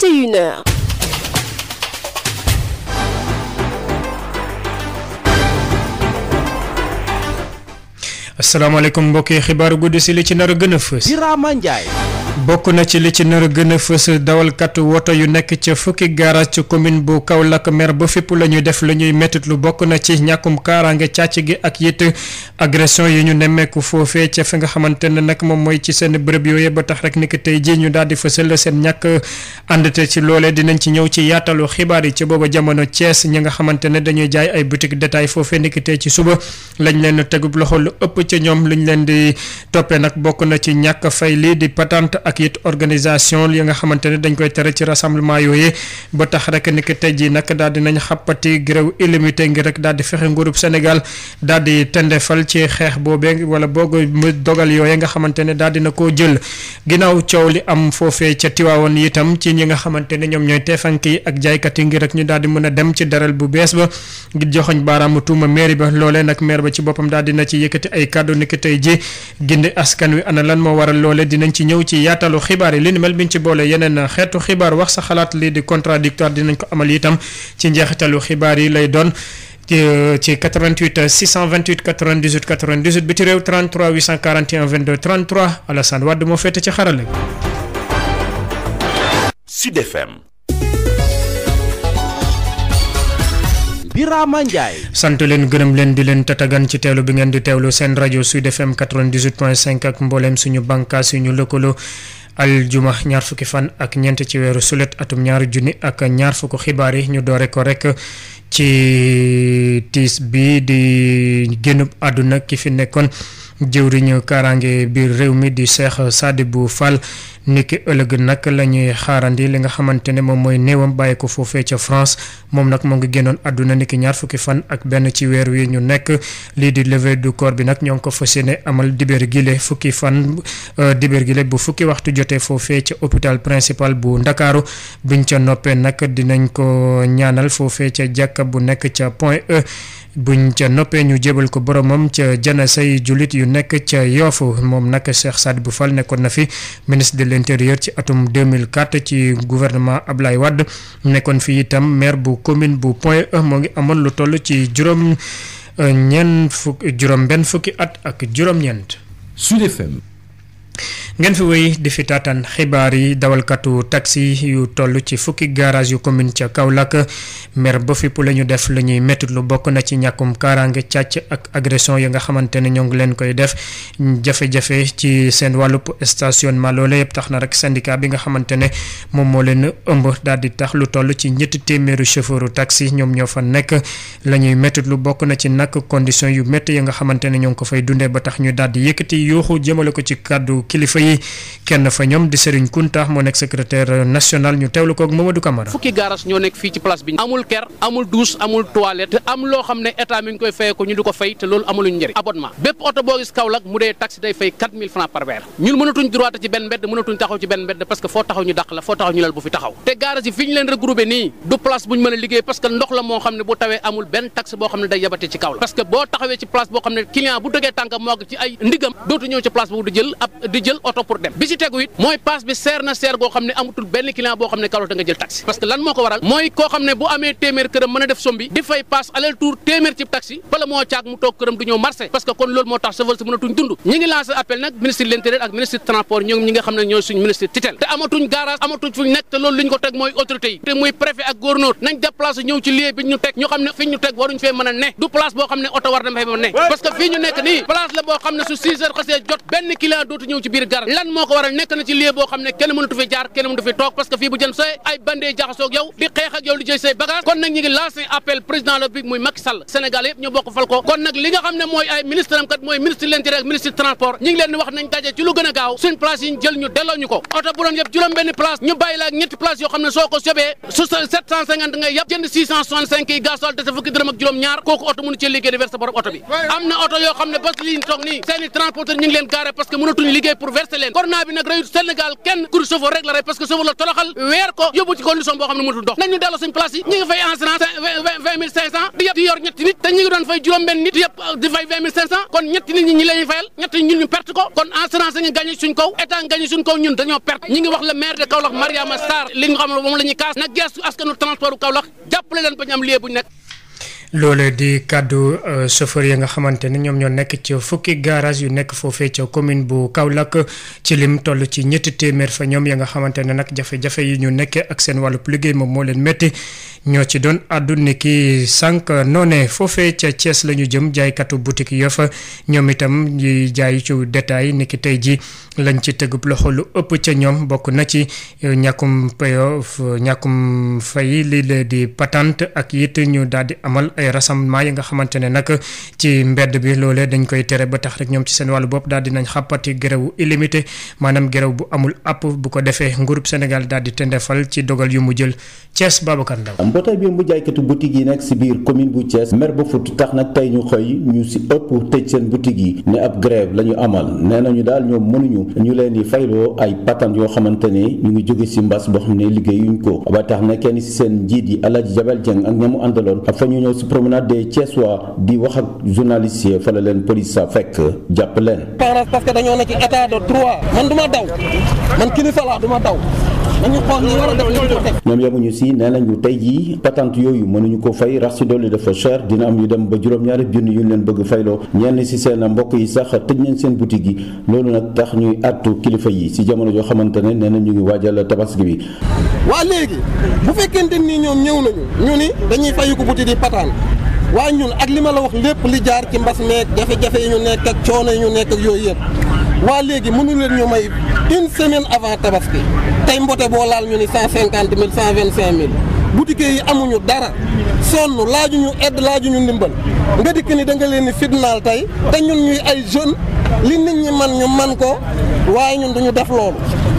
21h. asalaamaaleykum mbokki xibaaru guddi si li ci nar a gën a fës. Birama Ndiaye. bokk na ci li ci nar a gën a fës dawalkat woto yu nekk ca fukki garage ci commune bu kaw Kaolack mer ba fépp la ñuy def la ñuy mettit lu bokk na ci ñàkkum kaaraange càcc gi ak it agression yi ñu nemmeeku foofee ca fi nga xamante ne nag moom mooy ci seen bërëb yooyu yëpp ba tax rek ni ki tey ji ñu daal di fësal seen ñàkk àndate ci loolee dinañ ci ñëw ci yaatalu xibaar yi ca booba jamono cees ñi nga xamante ne dañuy jaay ay boutique détail foofee ni ki ci suba lañ leen tegub loxo lu ëpp ca ñoom luñ leen di toppee nag bokk na ci ñàkk fay ak it organisation yi nga xamante ne dañ koy tere ci rassemblement yooyu ba tax rek ni ki tey jii nag daal di nañ xàppati grève illimité ngir rek daal di fexe nguurub Sénégal daal di tendefal ci xeex boobee wala boog dogal yooyu nga xamante ne daal di na koo jël ginnaaw coow li am foofee ca Tiwaawoon itam ci ñi nga xamante ne ñoom ñooy teefank yi ak jaaykat yi ngir rek ñu daal di mën a dem ci daral bu bees ba ngir joxoñ baaraamu tuuma mairie ba loolee nag maire ba ci boppam daal dina ci yëkkati ay kàddu ni ki tey ji gindi askan wi ana lan moo waral loole dinañ ci ñëw ci yaatalu xibaar yi li ni mel biñ ci boole yeneen xeetu xibaar wax sa xalaat lii di contradictoire dinañ ko amal itam ci njeexitalu xibaar yi lay doon. ci 88 628 98 98 moo féete ci xarala Sud Birama Ndiaye. sant leen gërëm leen di leen tatagan ci teewlu bi ngeen di teewlu seen rajo Sud FM 98.5 ak mbooleem suñu bànqaas ñu lëkkaloo. aljuma ñaar fukki fan ak ñeent ci weeru sulet atum ñaari junni ak ñaar fukki xibaar yi ñu doore ko rek ci tiis bi di génn àdduna ki fi nekkoon jëwriñu kaaraange biir réew mi di Cheikh bu Fall niki ëllëg nag la ñuy xaarandi li nga xamante ne moom mooy néewam bàyyi ko foofee ca France moom nag moo ngi génnoon àdduna niki ñaar fukki fan ak benn ci weer wi ñu nekk lii di levée du corps bi nag ñoo ngi ko fas yéene amal dibéer gile fukki fan euh, dibéer gile bu fukki waxtu jotee foofee ca hôpital principal bu Ndakaaru biñ ca noppee nag dinañ ko ñaanal foofee ca jàkka bu nekk ca Point E buñ ca noppee ñu jébal ko boromam ca jana say jullit yu nekk ca yoofu moom nag Cheikh bu Fall nekkoon na fi ministre de l'intérieur ci atum 2004 ci gouvernement Ablaye Wade nekkoon fi itam maire bu commune bu Point e. moo ngi amoon lu toll ci juróom euh, ñeent fukk juróom benn fukki at ak juróom-ñeent ngeen fi wéy di fi taataan xibaar yi dawalkatu taxi yu toll ci fukki garage yu commune ca Kaolack mer ba fipp la ñu def lu ñuy métti lu bokk na ci ñàkkum kaaraange càcc ak agression yi nga xamante ne ñoo ngi leen koy def jafe-jafe ci seen wàllub stationnement loole yëpp tax na rek syndicat bi nga xamante ne moom moo leen ëmb dal di tax lu toll ci ñetti téeméeru chauffeuru taxi ñoom ñoo fa nekk la ñuy métti lu bokk na ci nag condition yu métti ya nga xamante ne ñoo ngi ko fay dundee ba tax ñu daal di yëkkati yuuxu jëmale ko ci kàddu kilifa yi kenn fa ñoom di Serigne Kunta moo nekk secrétaire national ñu teewlu koog Mamadou Camara. fukki gaaraas ñoo nekk fii ci place bi. ñu di ko ci benn mbedd mënatuñ taxaw ci benn mbedd parce que foo taxaw ñu dàq la foo taxaw ñu lal bu fi taxaw te gaaraas yi fi ñu leen regroupé nii du place bu ñu mën liggéey parce que ndox la moo xam ne bu tawee amul benn taxe boo xam ne day yabatee ci Kaolack parce que boo taxawee ci place boo di jël oto pour dem bi ci tegu it mooy paas bi seer na seer goo xam ne amutul benn client boo xam ne kalota nga jël taxi parce que lan moo ko waral mooy koo xam ne bu amee téeméer këram mën a def sombi di fay paas aller tour téeméer ci taxi bala moo caag mu toog këram du ñëw marché parce que kon loolu moo tax chauffeur si mënatuñ dund ñi ngi lancé appel nag ministre de ak ministre transport ñoom ñi nga xam ne ñooy suñ ministre tutelle te ñëw lan moo ko waral nekk na ci lieu boo xam ne kenn mënatu fi jaar kenn mënatu fi toog parce que bu jëm see ay bandee jaxasoog yow di xeex ak yow di jëy say bagage kon nag ñu muy Macky Sall Sénégal yëpp ñu bokk fal ko kon nag li nga xam ne mooy ay ñu ngi leen wax nañ daje ci lu gën a gaaw suñ ñu jël ñu ko oto bu doon yëpp juróom ñetti place yoo xam ne soo ko sobee su sept cent cinquante ngay yàpp jënd six cent soixante pour verser leen corona bi nag rëyut Sénégal kenn kur chauffeur rek la rey parce que chauffeur la toroxal weer ko yóbbu ci condition boo xam ne mënatul dox nañu delloo suñ place ñi ngi fay assurance di yor ñetti nit te ñi ngi doon fay juróom-benn nit di fay kon ñetti nit ñi ñi lañuy ñetti ñun ñu perte ko kon assurance ngi gagné suñ kaw état gagné suñ kaw ñun dañoo perte ñi ngi wax le maire de Kaolack Mariama Sarr li xam la ñuy leen ba ñu am lieu loole di kàddu euh, chauffeur yi nga xamante ne ñoom ñoo nekk ci fukki garage yu nekk foofee ca commune bu Kaolack ci lim toll ci ñetti téeméer fa ñoom ya nga xamante ne nag jafe-jafe yi ñu nekkee ak seen wàllub liggéey moom moo leen métti ñoo ci doon àddu ni ki sànq noonee foofee ca Thiès la ñu jëm jaaykatu boutique yo fa ñoom itam ñuy jaay ci détail ni ki tey ji lañ ci tëgub loxo lu ëpp ca ñoom bokk na ci euh, ñàkkum payo ñàkkum fay li la di patante ak it ñu daal di amal ay rassemblement yi nga xamante ne nag ci mbedd bi loolee dañ koy tere ba tax rek ñoom ci seen wàllu bopp daal dinañ xàppati gerew illimité maanaam gerew bu amul app bu ko defee nguurub Sénégal daal di tendefal ci dogal yu mu jël Thiès Babacar Ndaw mbootaay bi mu jaaykatu boutique yi nekk si biir commune bu cees mer ba fut tax nag tey ñu xëy ñu si ëpp tëj seen boutique yi ne ab grève la ñu amal nee nañu daal ñoom mënuñu ñu leen di fayloo ay patente yoo xamante ne ñu ngi jóge si mbas boo xam ne liggéeyuñ ko ba tax na kenn si seen njiit yi Alaaji Jabel Jeng promenade des Thiessois di wax ak journaliste yi fa la leen police sa fekk jàpp leen. parce que dañoo na ci état de droit man du daw man kilifa laa du daw. nañu xool li war a def li ko teg. ñoom yemuñu si nee nañu tey jii patente yooyu mënuñu ko fay rax si dolli dafa cher dina am yu dem ba juróom-ñaari junni yu leen bëgg fayloo ñenn si seen mbokk yi sax tëj nañ seen boutique yi loolu na tax ñuy àttu kilifa yi si jamono joo xamante ne nee na ñu ngi waajal tabaski bi. waa léegi bu fekkente ni ñoom ñëw nañu ñu ni dañuy fayu ko boutique yi patente waaye ñun ak li ma la wax lépp li jaar ci mbas meek jafe-jafe yi ñu nekk ak waa léegi mënu leen ñu may une semaine avant tabaski tey mbote boo laal ñu ni cent cinquante mille cent vingt cinq mille boutique yi amuñu dara sonn laajuñu aide laajuñu ndimbal nga dikk ni da nga leen ni fitnaal tey te ñun ñuy ay jeunes li nit ñi man ñu man ko waaye ñun duñu def loolu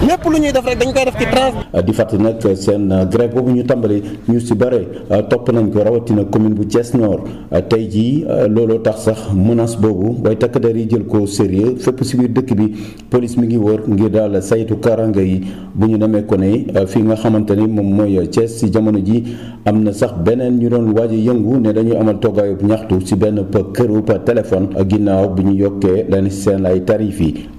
lépp lu ñuy def rek dañ koy def ci trans. Euh, di fàttali nag seen euh, grève boobu ñu tàmbali ñu si bare euh, topp nañ ko rawatina commune bu Thiès Nord tey jii looloo tax sax menace boobu way takk der yi jël ko sérieux fépp si biir dëkk bi police mi ngi wër ngir daal saytu kaaraange yi bu ñu demee ko ne fii nga xamante ni moom mooy Thiès si jamono ji am na sax beneen ñu doon waaj a yëngu ne dañuy amal toggaayub ñaxtu ci benn këru téléphone ginnaaw bi ñu yokkee leen seen ay tarif yi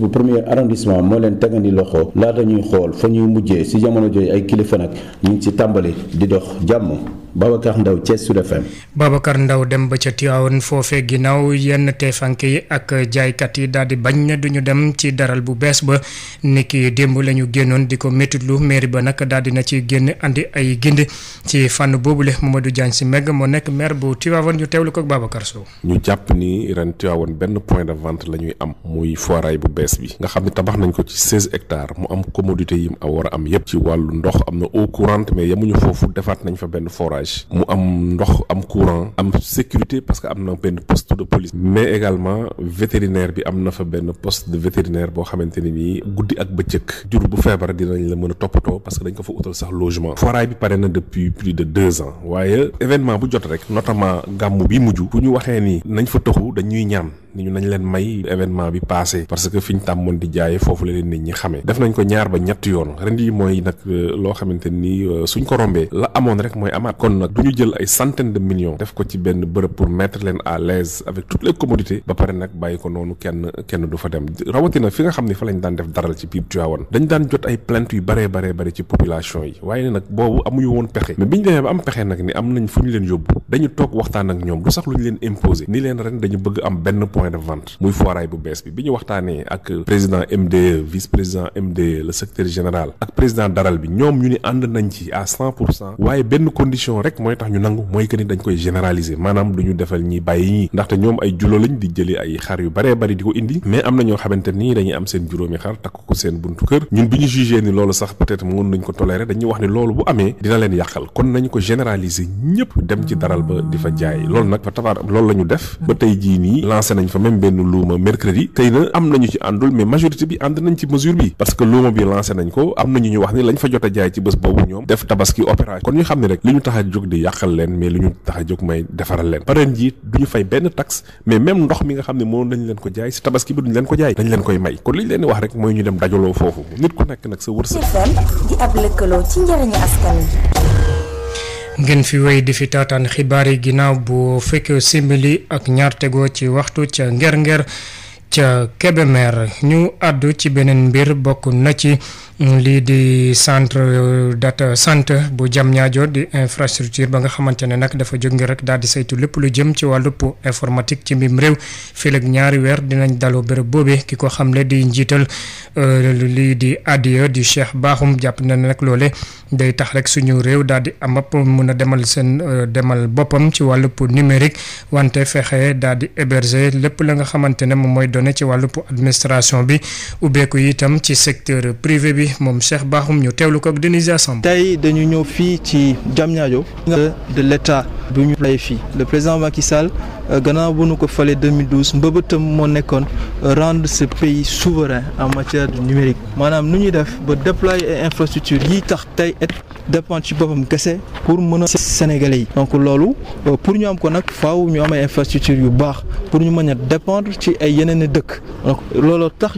bu premier arrondissement moo leen tegandi loxo laata ñuy xool fa ñu mujjee si jamono jooju ay kilifa nag ñu ngi ci tàmbali di dox jàmm. Babacar Ndaw Thiès Sud FM. Babacar Ndaw dem ba ca Tivaouane foofee ginnaaw yenn teefanke yi ak jaaykat yi daal di bañ ne du ñu dem ci daral bu bees ba niki démb lañu génnoon di ko méttitlu mairie ba nag daal di na ci génn indi ay gind ci fànn boobule Mamadou Diagne si Meg moo nekk maire bu Tivaouane ñu teewlu ko ak Babacar Sow. ñu jàpp ni ren Tivaouane benn point de vente la ñuy am. muy foirail bu bees bi. nga xam ne tabax nañ ko ci seize hectares mu am commodité yi mu war a am yépp ci wàllu ndox am na eau courante mais yemuñu foofu defaat nañ fa benn foirail village mu am ndox am courant am sécurité parce que am na benn poste de police mais également vétérinaire bi am na fa benn post de vétérinaire boo xamante ne nii guddi ak bëccëg jur bu feebar dinañ la mën a toppatoo parce que dañ ko fa utal sax logement foiraay bi pare na depuis plus de deux ans waaye événement bu jot rek notamment gàmmu bi mujj bu ñu waxee nii nañ fa toxu dañuy ñaan ni ñu nañ leen may événement bi passé parce que fi ñu tàmmoon di jaayee foofu la leen nit ñi xamee def nañ ko ñaar ba ñett yoon ren yi mooy nag euh, loo xamante ni euh, suñ ko rombee la amoon rek mooy amaat kon nag du ñu jël ay centaine de def ko ci benn bërëb pour mettre leen à l'aise avec toutes les commodités ba pare nag bàyyi ko noonu kenn du fa dem rawatina fi nga xam ne fa lañ daan def daral ci biir Tivaouane dañ daan jot yu yi waaye nag boobu amuñu woon pexe mais biñ demee ba am pexe nag ni am nañ fu ñu leen yóbbu dañu toog waxtaan ak ñoom du sax lu ñu leen imposer ni leen ren dañu bëgg am benn point point de vente muy foiraay bu bees bi bi ñu waxtaanee ak président MDE vice président MDE le secrétaire général ak président daral bi ñoom ñu ni ànd nañ ci à cent pour cent waaye benn condition rek mooy tax ñu nangu mooy que ni dañ koy généraliser maanaam du ñu defal ñi bàyyi ñi ndaxte ñoom ay julo lañ di jëlee ay xar yu baree bari di ko indi mais am na ñoo xamante nii dañuy am seen juróomi xar takk ko seen buntu kër ñun bi ñu jugé ni loolu sax peut-être mën nañ ko tolérer dañuy wax ni fa même benn luuma mercredi xëy na am nañu ci àndul mais majorité bi ànd nañ ci mesure bi parce que luuma bi lancé nañ ko am nañu ñu wax ni lañ fa jot a jaay ci bés boobu ñoom def tabaski opération kon ñu xam ne rek li ñu tax a jóg di yàqal leen mais li ñu tax a jóg may defaral leen pareen ji du ñu fay benn taxe mais même ndox mi nga xam ne mënoon nañ leen ko jaay si tabaski bi duñ leen ko jaay dañ leen koy may kon li ñu leen di wax rek mooy ñu dem dajaloo foofu nit ku nekk ngeen fi woy di fi taataan xibaar yi ginnaaw bu fekkee simili ak ñaar tegoo ci waxtu ca Nger Nger ca Kébémer ñu àddu ci beneen mbir bokk na ci Mm, lii di centre euh, data centre bu jam Diamniadio di infrastructure ba nga xamante ne nag dafa jóg ngi rek daal di saytu lépp lu jëm ci wàllub informatique ci mbim réew fii ak ñaari weer dinañ daloo bërëb boobee ki ko ne di njiital euh, lii di adiya di Cheikh baaxum jàpp na ne nag loole day tax rek suñu réew daal di am ab mun a demal seen euh, demal boppam ci wàllub numérique wante fexe daal di héberger lépp la nga xamante ne moom mooy donné ci wàllu administration bi ubbeeku itam ci secteur bi moom Cheikh Bakhoum ñu teewlu ko ak Denisia Samb. tey dañu ñëw fii ci Diamniadio. de l'état bu ñu lay fii le président Macky Sall euh, gannaaw bu nu ko falee mbëbëtam moo nekkoon euh, rendre ce pays souverain en matière de numérique maanaam nu ñuy def ba déployer ay infrastructure yi tax tey et dépend ci boppam kese pour mën a sénégalais yi donc loolu euh, pour ñu am ko nag faaw ñu am ay infrastructure yu baax pour ñu mën dépendre ci ay yeneen dëkk donc tax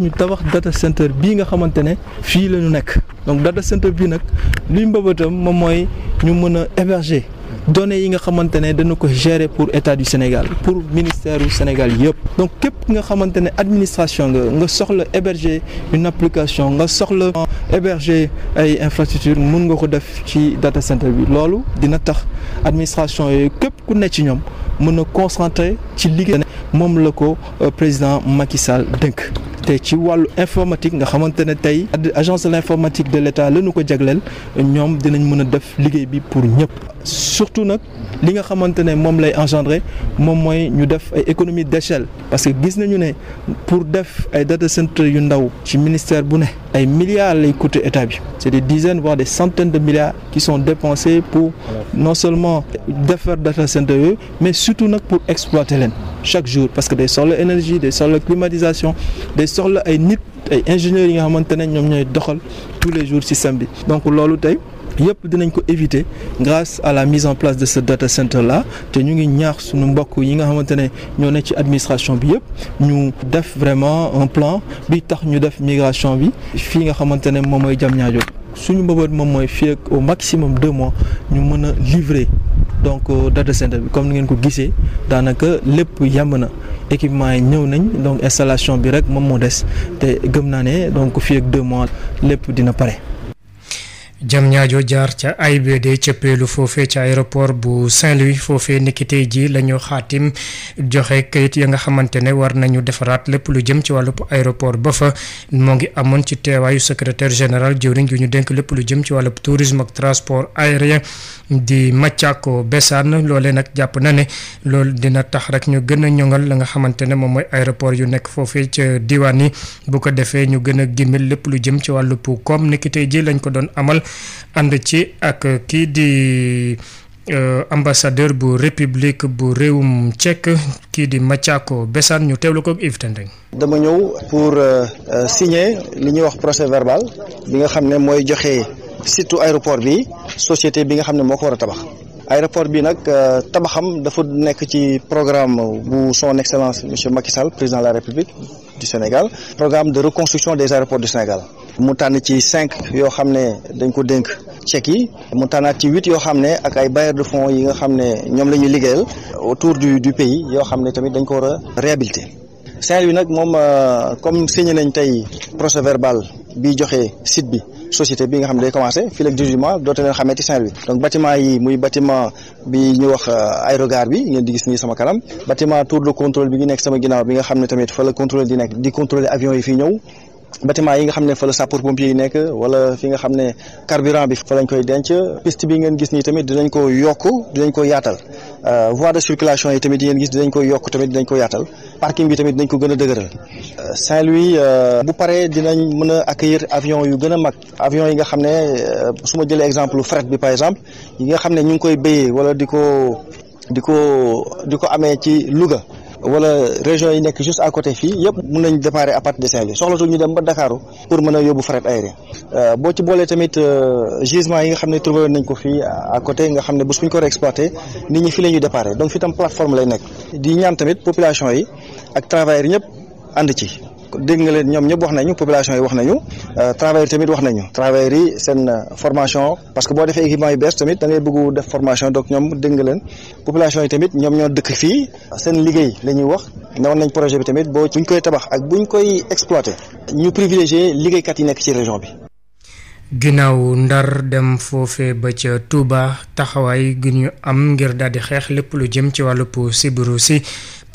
la nekk donc data center bii nag luy mbëbëtam moom mooy ñu mën a héberger données yi nga xamante ne dana ko gérer pour état du Sénégal pour ministère du Sénégal yëpp donc képp nga xamante ne administration nga nga soxla héberger une application nga soxla héberger ay infrastructure mun nga ko def ci data center bi loolu dina tax administration yooyu képp ku ne ci ñoom mën na concentrer ci liggéey moom la ko euh, président Macky Sall dënk te ci wàllu informatique nga xamante ne tey agence de informatique de l'État la ñu ko jagleel ñoom dinañ mën a def liggéey bi pour ñëpp surtout nag li nga xamante ne moom lay engendrer moom mooy ñu def ay économie d'échelle parce que gis nañu ne pour def ay data center yu ndaw ci ministère bu ne ay milliards lay coûter état bi c'est des dizaines voire des centaines de milliards ki sont dépensés pour non seulement defar data center yooyu mais surtout nag pour exploiter leen chaque jour parce que day soxla énergie day soxla climatisation day soxla ay nit ay ingénieurs yi nga xamante ne ñoom ñooy doxal tous les jours système bi donc loolu tey yëpp dinañ ko éviter grâce à la mise en place de ce data center là te ñu ngi ñaax suñu mbokk yi nga xamante ne ñoo ne ci administration bi yëpp ñu def vraiment un plan bi tax ñu def migration bi fii nga xamante ne moom mooy jam Diamniadio suñu mbëbët moom mooy fii ak au maximum deux mois ñu mën a livrer donc euh, data center bi comme ni ngeen ko gisee daanaka lépp yemb na équipement yi ñëw nañ donc installation bi rek moom moo des te gëm naa ne donc fi ak deux mois lépp dina pare. jam ñaajo jaar ca ay AIBD cëppeelu foofe ca aéroport bu Saint-Louis foofe niki tey jii la ñu xaatim joxe kayit ya nga xamante ne war nañu defaraat lépp lu jëm ci wàllu aéroport ba fa moo ngi amoon ci teewaayu secrétaire général jëwriñ gi ñu dénk lépp lu jëm ci wàllub tourisme ak transport aérien di Mathiako Bessane loolee nag jàpp na ne loolu dina tax rek ñu gën a ñoŋal la nga xamante ne moom mooy aéroport yu nekk foofee ca diwaan yi bu ko defee ñu gën a gimmil lépp lu jëm ci wàllub koom niki tey jii lañ ko doon amal ànd ci ak kii di euh, ambassadeur bu république bu réewum Tchèque kii di Mathiako Bessane ñu teewlu ko ak dama ñëw pour euh, euh, signer li ñuy wax procès verbal bi nga xam ne mooy joxe surtout aéroport bi société bi nga xam ne moo ko war a tabax. aéroport bi nag tabaxam dafa nekk ci programme bu son excellence monsieur Macky Sall président de la république du Sénégal programme de reconstruction des aéroports du Sénégal. mu tànn ci cinq yoo xam ne dañ ko dénk chèques yi mu tànnaat ci huit yoo xam ne ak ay bailleurs de fonds yi nga xam ne ñoom la ñuy liggéeyal autour du du pays yoo xam ne tamit dañ ko war a réhabiliter. Saint-Louis nag moom euh, comme signé nañ tey procès verbal bi joxe site bi société bi nga xam ne day commencé fii ak 18 mois dootu leen xamee ci Saint-Louis donc bâtiment yi muy bâtiment bi ñu wax euh, aérogare bi ngeen di gis nii sama kanam bâtiment tour de contrôle bi ngi nekk sama ginnaaw bi nga xam ne tamit fa la contrôle di nekk di contrôler avion yi fii ñëw bâtiment yi nga xam ne fa la sapeur pompier yi nekk wala fi nga xam ne carburant bi fa lañ koy denc piste bi ngeen gis nii tamit dinañ ko yokk dinañ ko yaatal euh, voie de circulation yi tamit yi ngeen gis dinañ koy yokk tamit dinañ ko yaatal parking bi tamit dinañ ko gën a dëgëral euh, Saint-Louis euh, bu paree dinañ mën a accueillir avion yu gën a mag avion yi nga xam ne su ma jëlee exemple fret bi par exemple yi nga xam ne ñu ngi koy béyee wala di ko di ko di ko amee ci Louga wala région yi nekk juste à côté fii yëpp mën nañ déparé à partir de Saint-Louis soxlatul ñu dem ba Ndakaaru pour mën a yóbbu fret aérien euh, boo ci boolee tamit euh, gisement yi nga xam ne trouvé nañ ko fii à côté nga xam ne bés bu ñu ko réexploité nit ñi fi la ñuy déparé donc fi tam plateforme lay nekk di ñaan tamit population yi ak travailleurs ñëpp ànd ci dégg nga leen ñoom ñëpp wax nañu population yi wax nañu euh, travailleurs tamit wax nañu travailleurs yi seen euh, formation parce que boo defee équipement yu bees tamit dangay ngay bëgg def formation doog ñoom dégg nga leen population yi tamit ñoom ñoo dëkk fii seen liggéey la ñuy wax newoon nañ projet bi tamit boo buñ koy tabax ak buñ koy exploité ñu privilégié liggéeykat yi nekk ci région bi. ginnaaw ndar dem foofe ba ca tuuba taxawaay gi ñu am ngir daal di xeex lépp lu jëm ci wàllu sibiru si.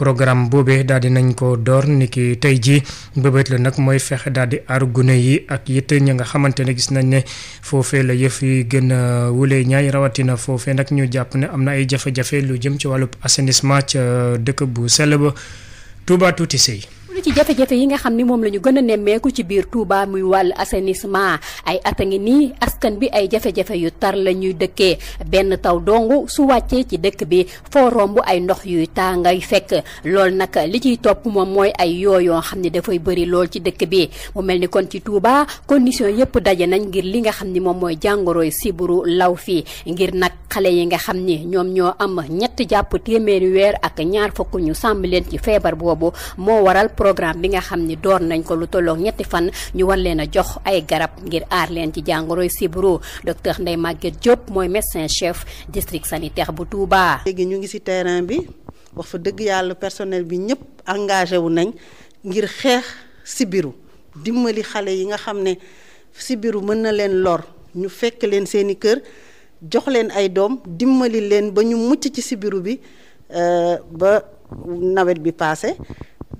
programme boobee daal di nañ ko door niki tey jii mbëbët la nag mooy fexe daal di aar gune yi ak it ñi nga xamante ne gis nañ ne foofee la yëf yi gën a wulee ñaay rawatina foofee nag ñu jàpp ne am na ay jafe-jafe lu jëm ci wàllu assainissement ca dëkk bu sell ba Touba Tuuti Sey ci jafe-jafe yi nga xam ni moom la ñu gën a nemmeeku ci biir Touba muy wàll assainissement ay at a ngi nii askan bi ay jafe-jafe yu tar la ñuy dëkkee benn taw dong su wàccee ci dëkk bi foo romb ay ndox yuy taa ngay fekk loolu nag li ciy topp moom mooy ay yooyoo xam ni dafay bëri lool ci dëkk bi mu mel ni kon ci Touba condition yëpp daje nañ ngir li nga xam ni moom mooy jàngoroy siburu law fii ngir nag xale yi nga xam ni ñoom ñoo am ñett jàpp téeméeri weer ak ñaar fukk ñu sàmm leen ci feebar boobu programme bi nga xam ni door nañ ko lu tolloog ñetti fan ñu war leen a jox ay garab ngir aar leen ci jàngoroy sibro docteur Ndeye Maguette Diop mooy médecin chef district sanitaire bu Touba. léegi ñu ngi ci terrain bi wax fa dëgg yàlla personnel bi ñëpp engagé wu nañ ngir xeex sibiru dimbali xale yi nga xam ne sibiru mën na leen lor ñu fekk leen seeni kër jox leen ay doom dimbali leen ba ñu mucc ci sibiru bi euh, ba nawet bi paase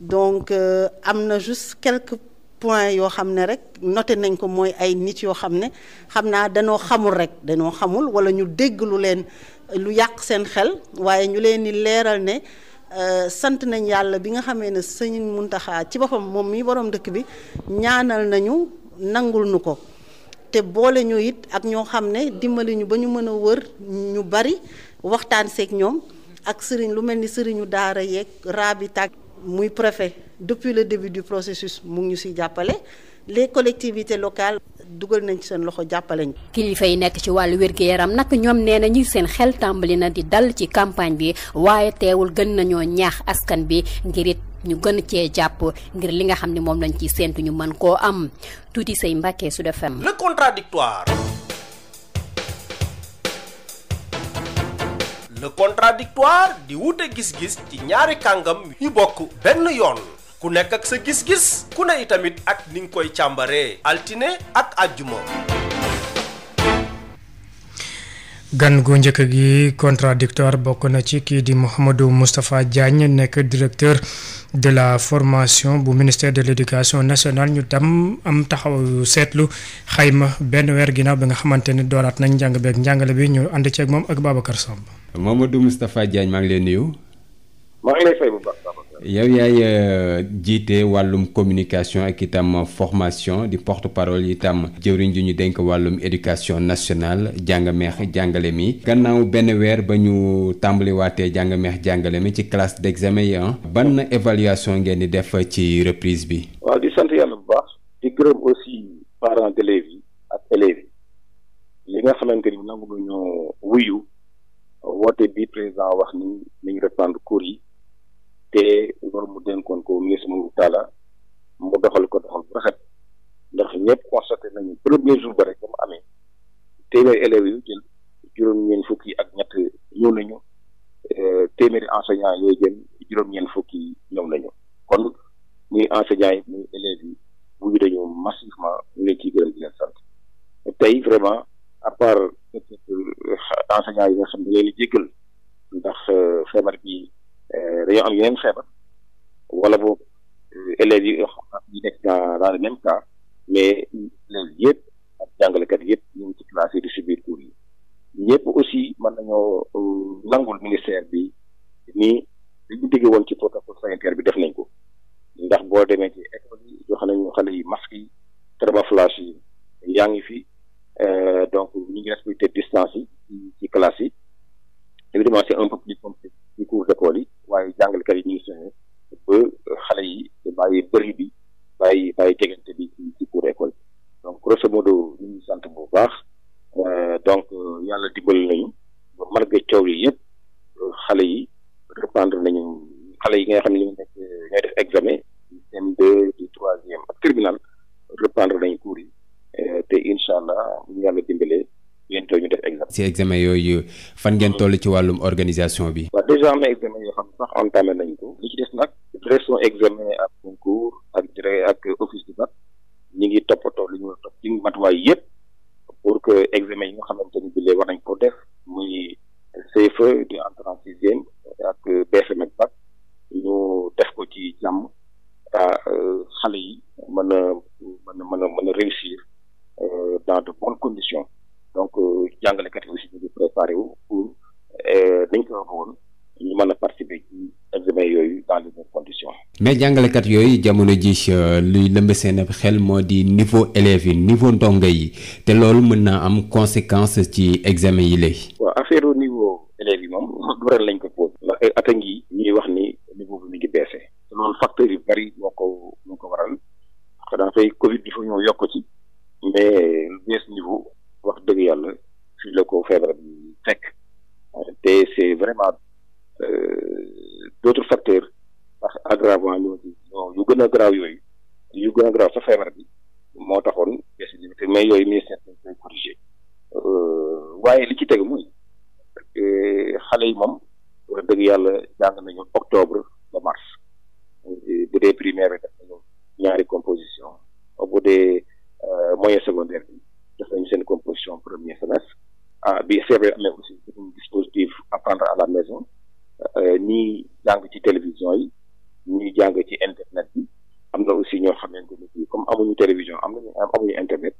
donc euh, am na juste quelques point yoo xam ne rek noté nañ ko mooy ay nit yoo xam ne xam naa dañoo xamul rek dañoo xamul wala ñu dégg lu leen lu yàq seen xel waaye ñu leen di leeral ne euh, sant nañ yàlla bi nga xamee ne sëñ Muntaxa ci boppam moom mii boroom dëkk bi ñaanal nañu nangul nu ko te boole ñu it ak ñoo xam ne dimbali ñu ba ñu mën a wër ñu bari waxtaan seek ñoom ak sëriñ lu mel ni sëriñu daara yeeg raabi tàkk muy préfet depuis le début du processus mu ñu si jàppale les collectivités locale dugal nañ ci seen loxo jàppale ñu. kilifa yi nekk ci wàllu wér-gu-yaram nag ñoom nee na ñu seen xel tàmbali na di dal ci campagne bi waaye teewul gën nañoo ñaax askan bi ngir it ñu gën cee jàpp ngir li nga xam ne moom lañ ci séentu ñu mën koo am tuuti say mbàkkee su defem le contradictoire le contradictoire di wuute gis-gis ci ñaari kàngam yu bokk benn yoon ku nekk ak sa gis-gis ku ne itamit ak ni koy càmbaree altine ak àjjuma gan gu njëkk gi contradictoire bokk na ci kii di Mouhamadou Moustapha Diagne nekk directeur de la formation bu ministère de l' éducation nationale ñu tam am taxaw seetlu xayma benn weer ginnaaw bi nga xamante ne dooraat nañ njàng beeg njàngale bi ñu ànd ceeg moom ak Babacar Samb. Mouhamadou Moustapha Diagne maa ngi lay nuyu. maa ngi lay fay yow yaay euh, jiite wàllum communication ak itam formation di porte parole itam jëwriñ ju ñu dénk wàllum éducation nationale jàngameex jàngale mi gannaaw benn weer ba ñu tàmbaliwaatee jàngameex jàngale mi ci classe d'examen yi ban évaluation ngeen di def ci reprise bi. waaw di sant yàlla bu baax di gërëm aussi parents d'élèves yi ak élèves yi li nga xamante ni nangu nañoo wuyu woote bi président wax ni nañu reprendre cours yi. te loolu mu dénkoon ko ministre Mamadou Talla mu doxal ko doxal ndax ñëpp nañu premier jour ba rek ba amee téeméeri élèves yu jël ak ñett ñëw nañu euh, téeméeri enseignants yooyu jël fukki ñëw nañu kon muy enseignants yi muy élèves yi bu dañu massivement ñu leen ciy gërëm di leen sant tey vraiment à part peut-être euh, yi nga xam ne leen jéggal ndax euh, feebar bi. Euh, dañoo am yeneen feebar wala boog euh, élèves yi yoo xam ne nekk dans dans même cas mais élèves yëpp ak jàngalekat yëpp ñu ngi ci classe yi di subir cours yi ñëpp aussi mën nañoo euh, nangul ministère bi nii dañu digge woon ci protocole sanitaire bi def nañ ko ndax boo demee ci école yi yoo xam ne ñu xale yi masque yi thermoflash yi yaa ngi fi donc ñu ngi respecté distance yi ci classe yi évidemment c' est un peu plus ci cours d'école yi waaye jàngalekat yi ñu ngi fexe ba xale yi bàyyi bëri bi bàyyi bàyyi tegante bi ci ci école donc grosso modo sant bu baax euh, donc yàlla dimbali nañu ba malgré coow yi yëpp xale yi reprendre nañu xale yi nga xam ne ñu nekk ñooy def examen du CM2 ak terminal reprendre nañu cours yi euh, te incha allah ñu yàlla dimbali si examen yooyu fan ngeen toll ci wàllum organisation bi. waaw déjà am na examen yoo xam sax entamé nañ ko. li ci des nag pression examen ak jàngalekat yooyu jamono ji euh, luy lëmb seen xel moo di niveau élèves yi niveau ndongo yi te loolu mën naa am conséquence ci examen yi léegi ñii jàng ci télévision yi ñii jàng ci internet bi am na aussi ñoo xamante ne bii comme amuñu télévision am nañu amuñu internet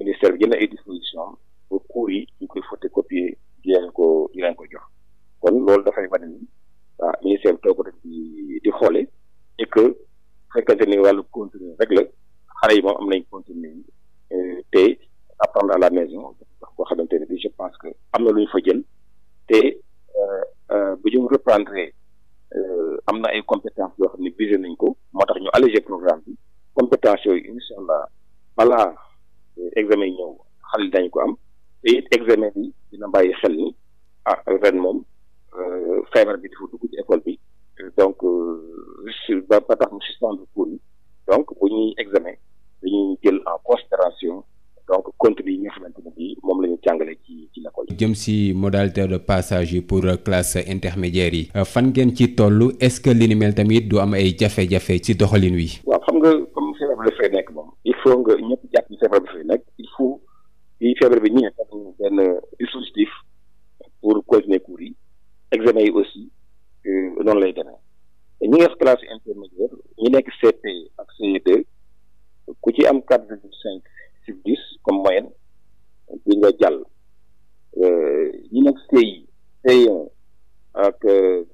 ministère bi jël na ay disposition am pour yi ñu koy photocopier di leen ko di leen ko jox kon loolu dafay wane ni waa ah, ministère bi toog rek di xoole et que fekkante ni wàllu contenu rek la xale yi moom am nañ contenu yi euh, te apprendre à la maison ndax xamante ne bii je pense que am na lu ñu fa jël te euh, Euh, bu ñu reprendre euh, am na ay compétences yoo xam ne visé nañ ko moo tax ñu allégé programme bi compétences yooyu incha allah balaa euh, examen yi ñëw xale dañ ko am te it examen yi dina bàyyi xel ni ah ren moom feebar bi dafa dugg ci école bi donc ba tax mu suspendre cours yi donc bu ñuy examen dañuy jël en considération donc contenu yi nga xamante ne moom la ñu jàngale ci ci l'école jëm si modalité de passage yi pour classe intermédiaire yi fan ngeen ci tollu est-ce que li ni mel tamit du am ay jafe-jafe ci doxalin wi waaw xam nga comme feebar bi dafay nekk moom il faut nga ñëpp jàpp ni feebar bi dafay nekk il faut bi feebar bi ñëwee dispositif pour continuer cours yi examen yi aussi euh, noonu lay demee ñi nga classe intermédiaire ñi nekk CP ak CE2 ku ci am quatre virgule cinq sur dix comme moyenne bi nga jàll ñi nag CI c ak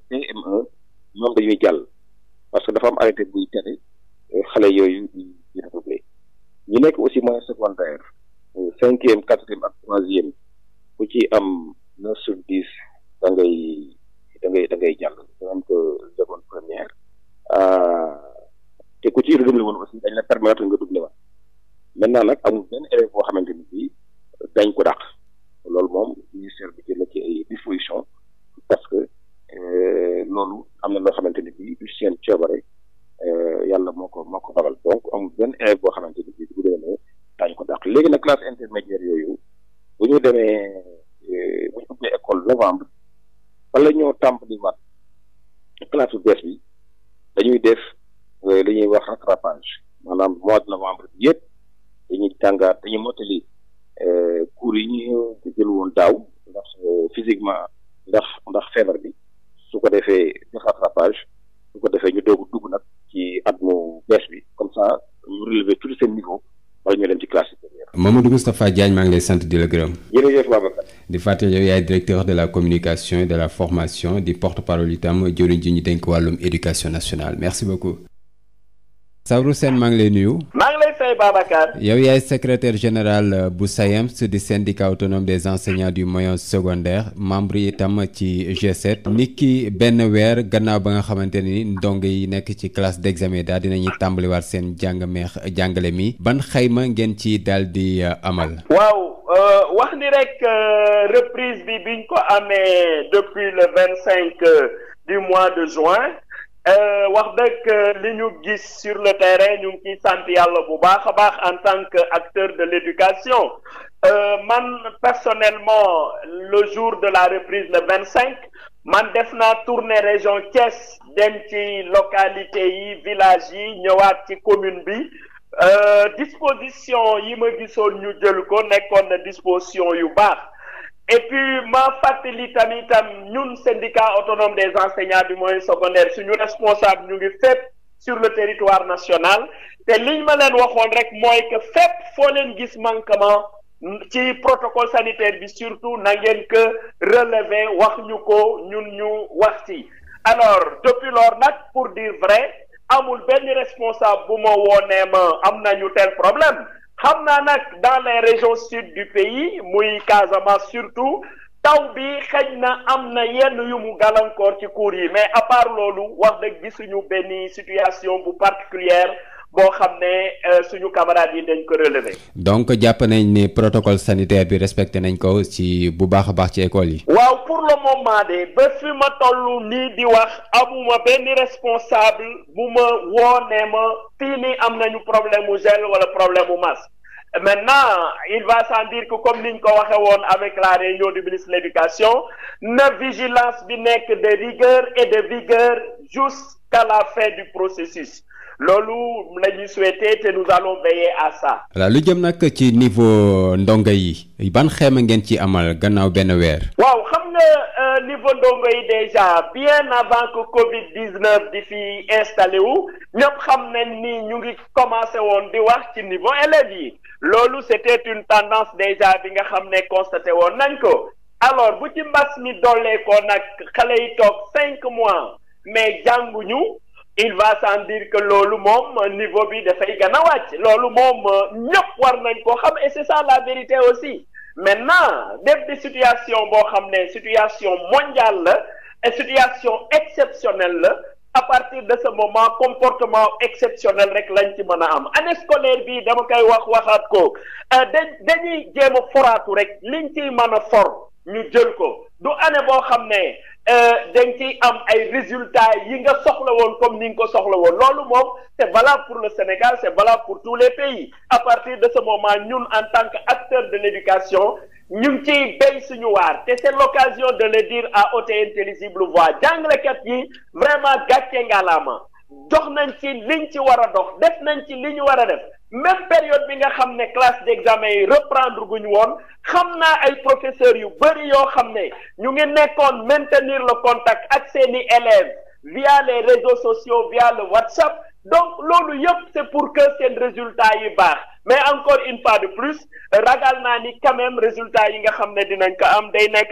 CM1 euh, dañuy jàll parce que dafa am arrêté buy tere euh, xale yooyu ñi nekk aussi moyen secondaire euh, cinquième quatrième ak troisième ku ci am neuf sur dix da ngay da ngay da jàll seconde première te ku ci redoublé woon aussi dañ la permettre nga doublé waat maintenant nag amul benn élève boo xamante ni bii dañ ko dàq loolu moom ministère bi jël na ci ay disposition parce que euh, loolu am na loo xamante ni bii du seen coobare euh, yàlla moo ko moo ko dogal donc amul benn élève boo xamante ni bii bu demee ne ko dàq léegi nag classe intermédiaire yooyu bu ñu demee euh, bu ñu ubbee école novembre bala ñoo tàmbali waat classe bu bees bi dañuy def li ñuy wax rattrapage maanaam mois de novembre bi yëpp dañuy jàngaat dañuy mottali euh, cours yi ñu jël woon daaw ndax euh, physiquement ndax ndax feebar bi su ko defee def rattrapage su ko defee ñu doog dugg nag ci at mu bees bi comme ça ñu relever tout seen niveau wala ñu dem ci classe supérieure. Mamadou Moustapha Diagne maa ngi lay sant di la gërëm. jërëjëf Babacar. di fàttali yow yaay directeur de la communication de la formation di porte-parole itam jëriñ ji ñu dénk wàllum éducation nationale merci beaucoup. Saourou seen maa ngi lay nuyu. yow yaay secrétaire général euh, bu SAEMS di syndicat autonome des enseignants du moyen secondaire membre itam ci G7. nit benn weer gannaaw ba nga xamante ni ndongo yi nekk ci classe d'examen daal dinañuy tàmbaliwaat seen jàng meex jàngale mi ban xayma ngeen ci dal di euh, amal. waaw. Euh, wax ni rek reprise bi biñ ko amee depuis le vingt cinq du mois de juin Euh, wax dëgg li ñu gis sur le terrain ñu ngi ciy sant yàlla bu baax a baax en tant que acteur de l'éducation euh, man personnellement le jour de la reprise le vingt cinq man def naa tournée région Thiès dem ci localité yi village yi ñëwaat ci commune bi euh, disposition yi ma gisoon ñu jël ko nekkoon na disposition yu baax et puis ma fàttali tamit tam ñun syndicat autonome des enseignants du moyen secondaire suñu responsable ñu ngi fépp sur le territoire national te liñ ma leen waxoon rek mooy que fépp foo leen gis manquement ci protocole sanitaire bi surtout na ngeen que relever wax ñu ko ñun ñu wax ci alors depuis lors nag pour dire vrai amul benn responsable bu ma woonee ma am na ñu tel problème xam naa nag dans les régions sud du pays muy Casamance surtout taw bi xëj na am na yenn yu mu gàllankoor ci cours yi mais à part loolu wax dëgg gisuñu benn situation bu particulière boo xam ne euh, suñu camarades yi dañ ko relever. donc jàpp nañ ni protocole sanitaire bi respecté nañ ko ci bu baax a baax ci école yi. waaw pour la moment de ba fi ma toll nii di wax amuma benn responsable bu ma woonee ma fii nii am nañu problème mu gel wala problème mu masque. maintenant il va sans dire comme niñ ko waxee woon avec la réunion du ministre de l'éducation na vigilance bi nekk de rigueur et de vigueur jusqu'à la fin du processus. loolu la ñuy souhaité te nous allons veiller à ça. voilà lu jëm nag ci niveau ndongo yi ban xeema ngeen ci amal gannaaw benn weer. waaw xam nga euh, niveau ndongo yi déjà bien avant que Covid 19 di fi installé wu ñëpp xam nañ ni ñu ngi commencé woon di wax ci niveau élèves yi loolu c'était une tendance déjà bi nga xam ne constaté woon nañ ko alors bu ci mbas mi dollee ko nag xale yi toog cinq mois mais jànguñu. il va sans dire que loolu moom niveau bi dafay gën a wàcc loolu moom euh, ñëpp war nañ koo xam et c'est ça la vérité aussi maintenant def di situation boo xam ne situation mondiale la situation exceptionnelle la à partir de ce moment comportement exceptionnel rek lañ ci mën a am année scolaire bi dama koy wax waxaat ko euh, da dañuy jéem foraatu rek liñ ciy man a for ñu jël ko du année boo xam ne Euh, dañ ciy am ay résultats yi nga soxla woon comme ni nga ko soxla woon loolu moom c'est valable pour le Sénégal c'est valable pour tous les pays à partir de ce moment ñun en tant que acteur de l'éducation ñu ci ciy béy suñu waar te c'est l'occasion de le dire à haute et intelligible voix jàngalekat yi vraiment la ngalaama jox nañ ci liñ ci war a dox def nañ ci li ñu war a def même période bi nga xam ne classe d'examen yi reprendre guñ woon xam naa ay professeurs yu bëri yoo xam ne ñu ngi nekkoon maintenir le contact ak seeni élèves via les réseaux sociaux via le WhatsApp donc loolu yëpp c'est pour que seen résultat yi baax mais encore une fois de plus ragal naa ni quand résultat yi nga xam ne dinañ ko am day nekk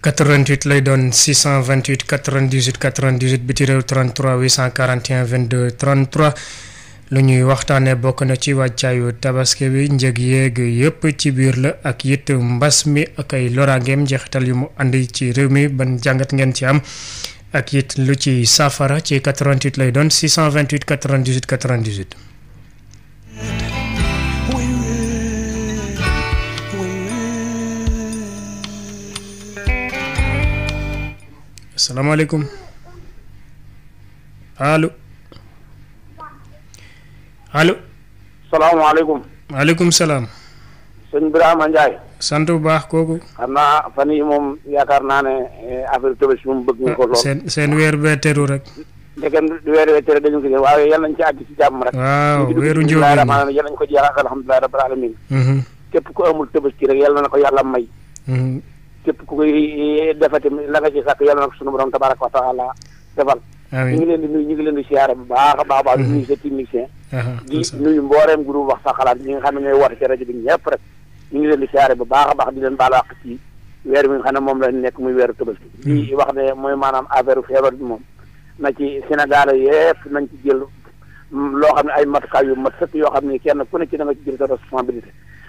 88 lay doon 628 98 98 biti réew 33 841 22 33 lu ñuy waxtaanee bokk na ci wàccaayu tabaske bi njëg yeeg yëpp ci biir la ak it mbas mi akay ay loraangeem njeexital yu mu andi ci réew mi ban jàngat ngeen ci am ak yit lu ci saafara ci 88 lay doon 628 98 98. asalaamaaleykum allo allo. salaamaaleykum. maaleykum salaam. sëñ Birama Ndiaye. sant bu baax kooku. xam naa fan yi moom yaakaar naa ne eh, affaire tabaski moom bëgg ñu ko lool. seen seen weer bee teru rek. ndegem weer bee teru dañu ko jël waaye yal nañu ci àgg ci jàmm rek. waaw weeru njóobeen bi alhamdulilah yal ko jeexal alhamdulilah rabbil mhm. rek yal na ko yàlla may. Mhm. képp ku koy defati la nga ci sàkk yàlla na ko suñu borom tabaraka wa taala defal ñu ngi leen di nuyu ñu ngi leen di siyaare bu baax a baax baax di nuyu sa technicien di nuyu mbooreem groupe wax sa xalaat ñi nga xam ne ñooy woote ci rajo bi ñëpp rek ñu ngi leen di siyaare bu baax a baax di leen baal àq ci weer wi nga xam ne moom lañ nekk muy weeru tëbal hmm. di wax ne mooy maanaam affaire feebar bi moom na ci Sénégal yëpp nañ ci jël loo xam ne ay matukaay yu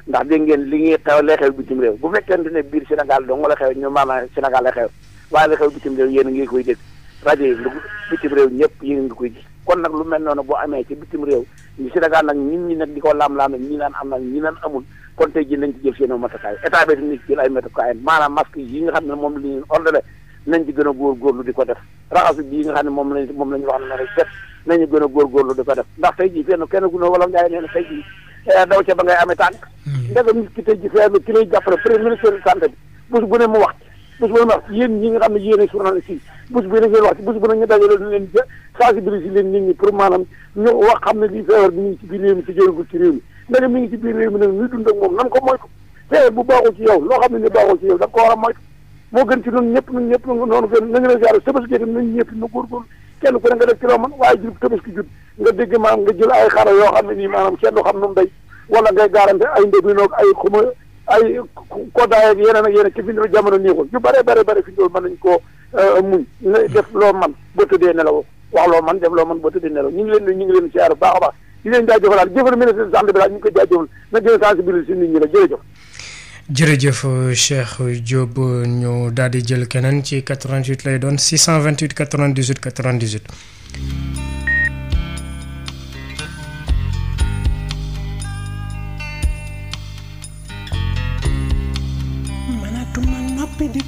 ndax dégg ngeen li ñuy xew lay xew bitim réew bu fekkente ne biir Sénégal dong la xew ñu maanaam Sénégal la xew waaye la xew bitim réew yéen a koy dégg rajo lu bitim réew ñëpp yéen a ngi koy gis kon nag lu mel noonu boo amee ci bitim réew ñu Sénégal nag ñun ñi nag di ko laam-laam ñi naan am nag ñi naan amul kon tey jii nañ jël seen matukaay état bi dañu jël ay matukaay maanaam masque yi nga xam ne moom la ñu ordonné nañ gën a góorgóorlu di ko def raxasu bii nga xam ne moom lañ moom la ñu wax ne nañu gën a góorgóorlu di ko def ndax tey jii fenn kenn gu ne wala njaay daw ca ba ngay amee tànk hmm. ndegam nit ki ji feebar ki lay jàppale premier ministre de santé bi bés bu ne mu wax bés bu ne mu wax yéen ñi nga xam ne yéen ay journaliste yi bés bu ne ngeen wax ci bés bu ne leen nit ñi pour maanaam ñu wax xam ne lii feebar bi ñu ngi ci biir réew mi ci ci réew mi ngi ci biir mi nag ñuy dund ak moom nan ko moytu feebar loo xam ne ni baaxul ci yow da nga moo gën ci noonu ñëpp ñun ñëpp noonu gën kenn ko ne nga def ci loo mën waaye jur tabaski jur nga dégg maanaam nga jël ay xara yoo xam ne nii maanaam kenn xam nu mu day wala ngay garante ay ndëbinoog ay xuma ay koddaay ak yeneen ak ci fi jamono neexul yu bare bare bare fi ñu mën nañ koo euh, muñ nga def loo man ba tëddee nelaw wax loo man def loo man ba tëddee nelaw ñu ngi leen ñu ngi leen siyaar bu baax a baax di leen jaajëfalaat jëfal ministre de bi daal ñu ngi koy jaajëfal na gën a sensibiliser nit ñi la jërëjëf jërëjëf Cheikh Diop ñu daal di jël keneen ci 88 lay doon 628 98 98. mënatuma noppi di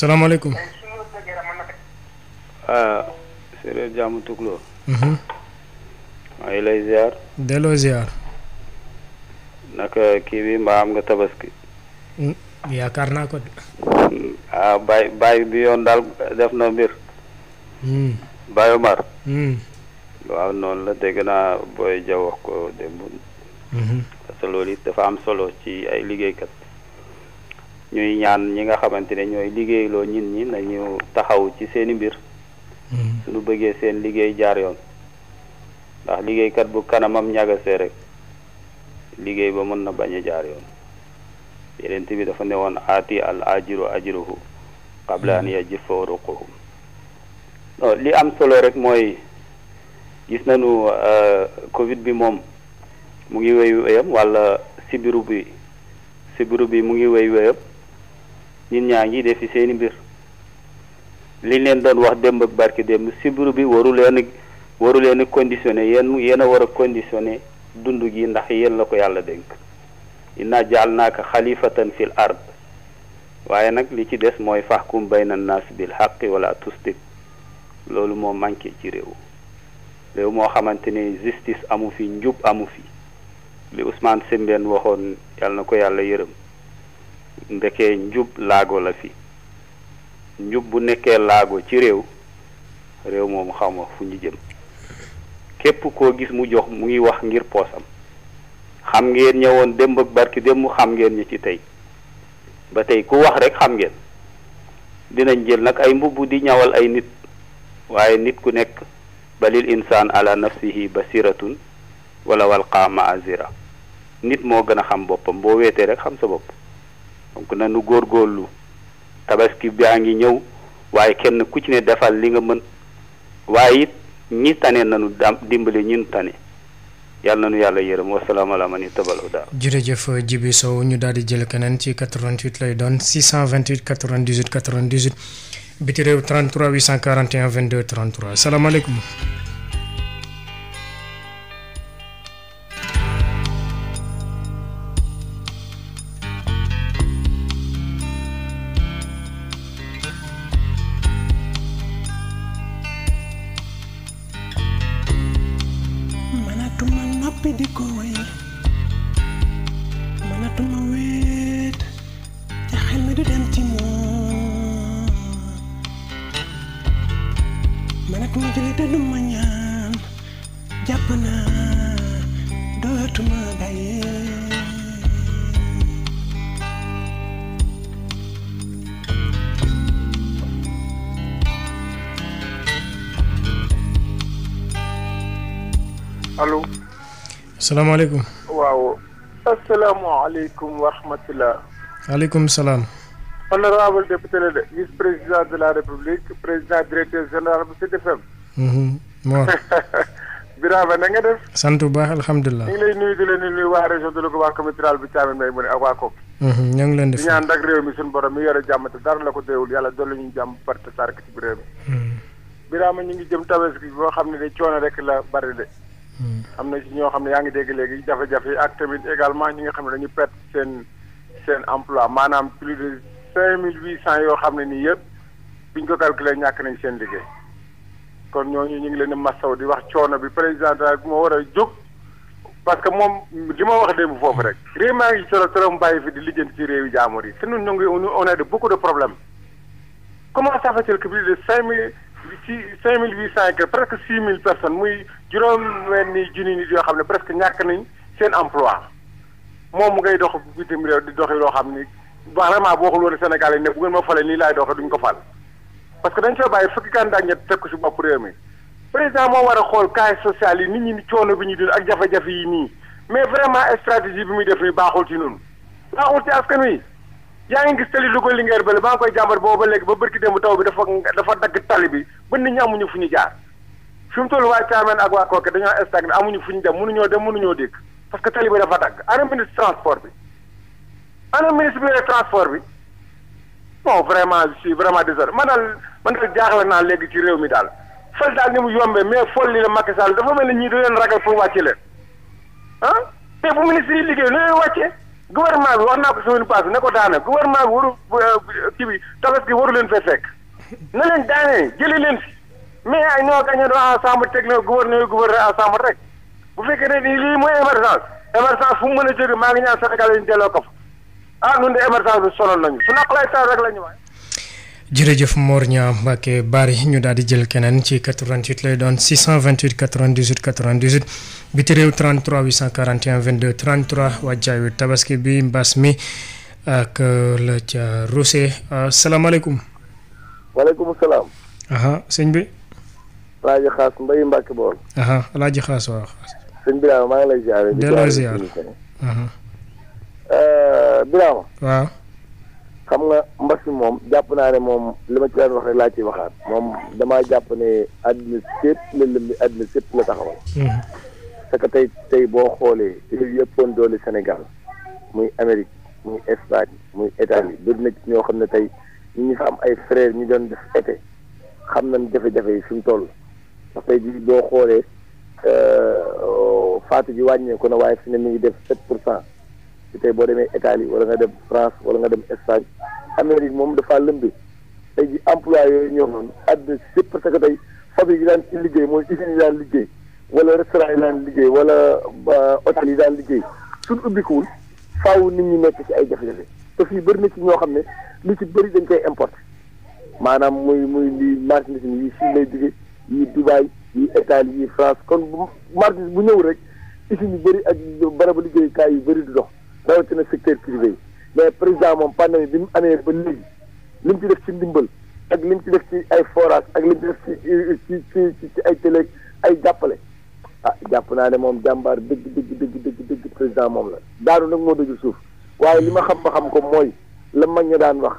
salaamaaleykum. ah séeréer jaamu tukuloo. Mhm. maa ngi lay ziar. delloo ziar. naka kii bi mbaa am nga tabaski. Mm, yaakaar naa ko. ah Baye Baye bi yoon daal def na mbir. Mm. Baye Omar. Mm. waaw noonu la dégg naa booy ja wax ko démb. Mhm. parce que loolu it dafa am solo ci ay liggéeykat. ñuy ñaan ñi nga xamante ne ñooy liggéeyloo nit ñi nañu taxaw ci seeni mbir hmm. suñu bëggee seen liggéey jaar yoon ndax liggéeykat bu kanamam ñagasee rek liggéey ba mën na bañ a jaar yoon yeneen bi dafa ne woon aati al ajiru ajruhu qabla an yajifa ruquhu li am solo rek mooy gis nañu euh, covid bi moom mu ngi wéy wéyam wala sibiru bi sibiru bi mu ngi wéy wéyam ñun ñaa ngi def ci seeni mbir li leen doon wax démb ak barki démb sibiru bi waru leen waru leen conditionné yéen yéen a war a conditionné dund gi ndax yéen la ko yàlla dénk inna jaal ko xalifatan fil ard waaye nag li ci des mooy faxkum bayna naas bil xaqi wala tusdik loolu moo manqué ci réew réew moo xamante ni justice amu fi njub amu fi li Ousmane leen waxoon yàlla na ko yàlla yërëm ndekee njub laago la fi njub bu nekkee laago ci réew réew moom xawma fu ñu jëm képp koo gis mu jox mu ngi wax ngir poosam xam ngeen ñëwoon démb ak barki démb xam ngeen ñi ci tey ba tey ku wax rek xam ngeen dinañ jël nag ay mbubb di ñawal ay nit waaye nit ku nekk balil insaan ala ba basiratun walla walqaa maazira nit moo gën a xam boppam boo weetee rek xam sa bopp donc nanu góorlu tabaski baa ngi ñëw waaye kenn ku ci ne defal li nga mën waaye it ñi tane nanu dimbali ñun tane yàlla na nu yàlla yërëm wassalaamu alaa mani tabal hudaa jërëjëf Jibi Sow ñu daal di jël keneen ci 88 lay doon 628 98 98 biti réew 33 841 22 33 salaamaaleykum. salaamaaleykum. waaw. asalaamaaleykum wa rahmatulah. waaleykum salaam. honorable député la de vice président de la république président directeur général bu Sud FM. Mhm. moo. Birama na def. sant bu baax alhamdulilah. ñu ngi lay nuyu di leen nuyu waa région de Louga waa comité rural bu Thiamène may mu a ak waa Kopp. Mhm, ñoo ngi leen di. ñaan nag réew mi suñu borom mi yore jàmm te dara la ko déewul yàlla dolli ñu jàmm parte sark ci réew mi. Mhm. Birama ñu ngi jëm tabaski boo xam ne de coono rek la Mm. am na si ñoo xam ne yaa ngi dégg léegi jafe-jafe yi ak tamit également ñu ngi xam ne dañu perte seen seen emploi maanaam plus de cinq mille huit cent yoo xam ne nii yëpp biñ ko calculé ñàkk nañ seen liggéey kon ñooñu ñu ngi leen di masaw di wax coono bi président daal moo war a jóg parce que moom li ma wax démb foofu rek. réew maa ngi solo trop mu bàyyi fi di lijjanti ci réew yi jaamur yi te ñun ñu ngi on a de beaucoup de problèmes comment ça de cinq mille ci cinq mille huit cent que presque six mille personnes muy juróom-benni junni nit yoo xam ne presque ñàkk nañ seen emploi moom ngay dox bitim réew di doxi loo xam ni vraiment boo xul woon Sénégal yi ne bu ngeen ma falee nii laay doxee duñ ko fal parce que dañ fee bàyyi fukki candidat ak ñett teg ko si bopp réew mi président moo war a xool cas social yi nit ñi ni coono bi ñu dund ak jafe-jafe yi nii mais vraiment stratégie bi muy def nii baaxul ci noonu baaxul yaa ngi gis tali Louga Linguère bële maa ngi koy jàmbar booba léegi ba bërki démb taw bi dafa dagg tali bi ba nit ñi amuñu fu ñu jaar fi mu toll waa Thiamène ak waa Koke dañoo stagné amuñu fu ñu dem mënuñoo dem mënuñoo dégg parce que tali bi dafa dagg ana ministre transport bi ana ministre bi yore transport bi non vraiment je suis vraiment désolé man daal man daal jaaxle naa léegi ci réew mi daal fal daal ni mu yombee mais fol li la Macky Sall dafa mel ni ñii da leen ragal pour wàcce ah bu ministre yi liggéey lu wàccee gouvernement bi wax naa ko semaine passée ne ko daana gouvernement bi waru euh, kii bi tabaski waru leen fee fekk na leen daanee jëlee leen fi mais ay ñoo gañe doo ensemble teg na gouverneur gouverneur ensemble rek bu fekkee ne nii lii mooy émergence émergence fu mu mën a jóge maa ngi ñaan Sénégal yi ñu delloo ko fa ah ñun de émergence bi sonal nañu su la ñu wax jërëjëf Mor Niang Mbacke bari ñu daal di jël keneen ci 88 lay doon 628 98 98 biti réew 33 841 22 33 wàjjaayu tabaski bi mbas mi ak euh, la ca Rousset euh, asalaamaaleykum. waaleykum salaam. aha sëñ bi. Alaaji Xaas Mbaye Mbacke Bool. aha Alaaji Xaas waaw. sëñ Birama maa ngi lay ziar. delloo ziar xam nga mbas mi moom jàpp naa ne moom li ma ci daan wax laa ciy waxaat moom damaa jàpp ne àddina sépp la lëmbi àddina sépp la taxawal mm-hmm. parce que tey tey boo xoolee réew yëppoon doole Sénégal muy Amérique muy Espagne muy Italie bëri na ci ñoo xam ne tey ñu ngi fa am ay frères ñu doon def été xam nañ jafe-jafe yi fi mu toll ndax tey jii boo xoolee euh, faatu ji wàññeeku na waaye fi ne mi ngi def sept pour cent ci tey boo demee Italie wala nga dem France wala nga dem Espagne Amérique moom dafa lëmbi tey ji emploi yooyu ñëw noonu àdduna si parce que tey fabrique yi daan liggéey mooy usines yi daan liggéey wala restaurant yi daan liggéey wala euh, hôtel yi daan liggéey suñ ubbikuwul faaw nit ñi nekk ci ay jafe-jafe te fii bëri na ci ñoo xam ne lu ci bëri dañ koy importe maanaam muy muy lii marchandise yi Chine lay jóge yi yi Italie yi France kon marchandise bu ñëw rek usines yu bëri ak barabu liggéeyukaay yu bëri du dox rawatina secteur privé yi mais président moom pandémie bi mu amee ba léegi li ci def ci ndimbal ak li ci def ci ay forage ak li mu ci def ci ci ci ci ay télé ay jàppale ah jàpp naa ne moom jàmbaar dëgg dëgg dëgg dëgg dëgg président moom la daanu nag moo dëgg suuf waaye li ma xam ma xam ko mooy la mag ñi daan wax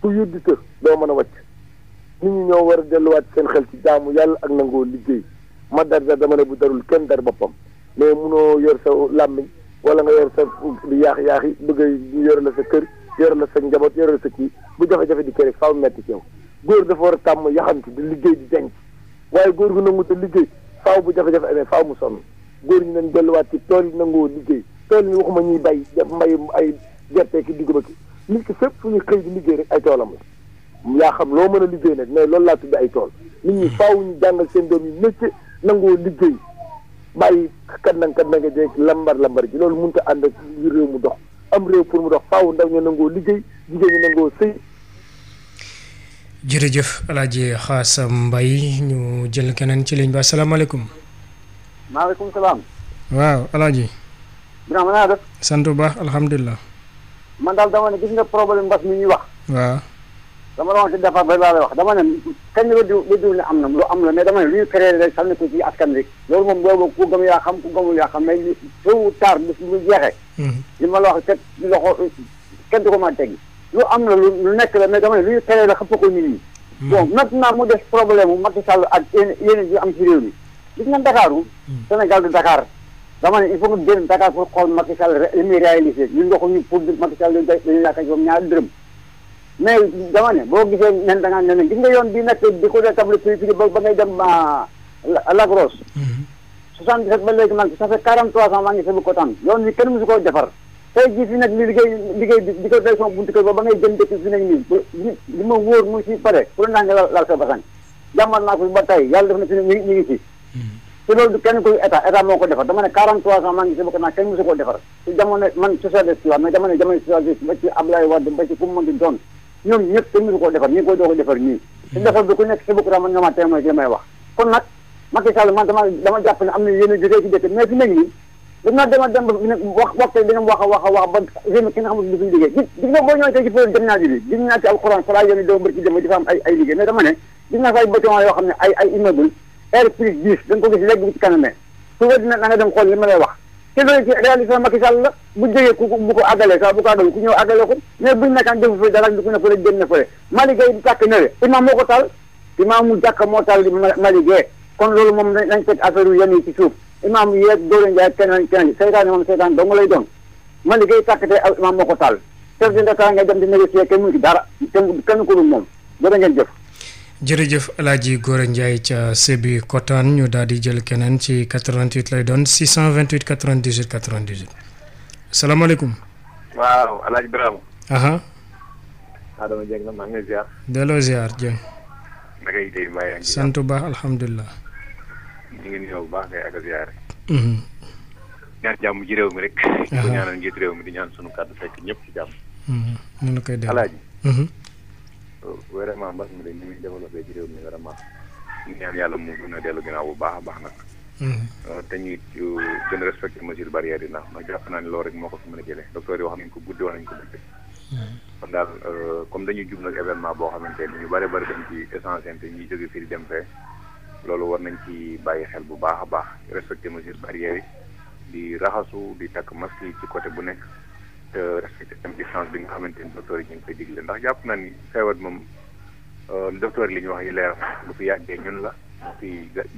ku yuddi të doo mën a wàcc nit ñi ñoo war a delluwaat seen xel ci jaamu yàlla ak nangoo liggéey ma dar dama ne bu darul kenn dar boppam mais munoo yor sa làmmiñ wala nga yor sa di yaax yaaxi bëgg a yor la sa kër yor la sa njaboot yor la sa kii bu jafe-jafe di kër rek faaw metti ci yow góor dafa war a tàmm yaxantu di liggéey di denc waaye góor gu nangu te liggéey faaw bu jafe-jafe amee faaw mu sonn góor ñi nañ delluwaat ci tool yi nangoo liggéey tool yi waxuma ñuy bay def ay gerte ki dugub ki nit ki sëpp fu ñu xëy di liggéey rek ay toolam la yaa xam loo mën a liggéey nag mais loolu laa tudd ay tool nit ñi faaw ñu jàngal seen doom yi métier nangoo liggéey bàyyi kat nang kat nanga lambar lambar ji loolu mënut a ànd ak réew mu dox am réew pour mu dox faaw ndaw ñu nangoo liggéey jigéen ñu nangoo sëy jërëjëf alaaji Xaasa Mbay ñu jël keneen ci liñ bi asalaamaaleykum maaleykum salaam sant bu baax alhamdulilah man daal dama ne gis nga problème mbas mi ñuy wax waaw dama la waxoon ci départ wax dama ne kañ la diw ne na lu am la mais dama ne lu ñu créé rek sànni ko ci askan bi loolu moom loolu ku gëm yaa ku gëmul yaa xam mais li tôt ou tard bis hmm. li ma la wax teg loxo kenn du ko mën a teg lu am la lu nekk la mais dama ne lu ñu créé la xëpp ko nit ñi bon hmm. maintenant mu des problème mu Macky Sall ak yéen yéen am si réew mi gis nga Ndakaaru hmm. Sénégal du Dakar dama ne il faut que génn Dakar pour xool Macky Sall li muy réalisé ñun ndoxu ñu pour Macky Sall dañu yaakaar ci moom ñaari dërëm mais dama ne boo gisee nen da ngaa ne ne gis nga yoon bi nekk di ko rétablir fii ba ba ngay dem Lac Rose. 77 ba léegi yoon wi kenn mësu koo defar. tey jii fii bi di ko ba ba nga laal sa basan jàmmal na fi ne man socialiste la mais jamono jamono socialiste ba ci Ablaye Wade ba ci ku mu di doon ñoom ñëpp kenn mënu koo defar ñu ngi koy defar nii hmm. defar bi ku nekk sa bopp mën nga maa témoin ci li may wax kon nag Macky Sall man dama dama jàpp na yéen a jotee ci a dem ba wax waxte dina wax a wax a liggéey gis gis nga boo ñëwee tey ci problème dem naa ji ay liggéey mais dama ne gis naa fay bâtiment yoo xam ne ay ay immeuble air plus 10 dañ ko gis léegi ci kaname su dina na nga dem xool li ma la wax te loolu ci réalisation Macky Sall la bu jógee ku bu ko àggalee sax bu ko àggalee ku ñëw àggale ko mais buñ nekkaan defu fi dara du ko ne fële génn na fële Mali Gueye di tàkk nale imaam moo ko taal imaam mu jàkk moo taal Mali Gueye kon loolu moom nañ teg affaire yu yenn yi ci suuf imaam yeeg Dóor Ndiaye keneen keneen seytaane moom seytaan dong lay doon Mali Gueye tàkk te imaam moo ko taal chef de l'État nga dem di négocier kenn mënu ci dara kenn kenn moom jërë ngeen jëf jërëjëf El Hadj Gora Ndiaye ca Sébi Kotaan ñu daal di jël keneen ci 88 lay doon 628 98 98 salaamaaleykum. waaw El Hadj Birame. aha. Adama Dieng la maa ngi lay ziar. delloo ziar Dieng. na ngay dégg baax alhamdulilah. ñu ngi bu baax a ziar. Mhm. ñaan jàmm ji mi rek. di ko réew mi di ñaan sunu kàddu fekk ñëpp jàmm. ñu mhm. ngi koy delloo vraiment mbas mi de ni muy développé ci réew mi vraiment ñu ñaan yàlla mu gën a dellu ginnaaw bu baax a baax nag. Hmm. Euh, te ñuy euh, gën a respecté mesure barrière yi ndax ndax jàpp naa ne loolu rek moo ko fi mën a jëlee docteur yi wax nañ ko guddi wax nañ ko bëccëg. Hmm. kon daal euh, comme dañuy jub nag événement boo xam xamante ne ñu bari bari dañ ci essentiel te ñuy jóge fii di dem fee loolu war nañ ci bàyyi xel bu baax a baax respecté mesure barrière yi di raxasu di takk masque yi ci côté bu nekk. respecté tam distance bi nga xamante ni docteur yi ñu ngi koy digle ndax jàpp na ni feebar moom euh, docteur li ñu wax yi leer bu fi yàggee ñun la bu fi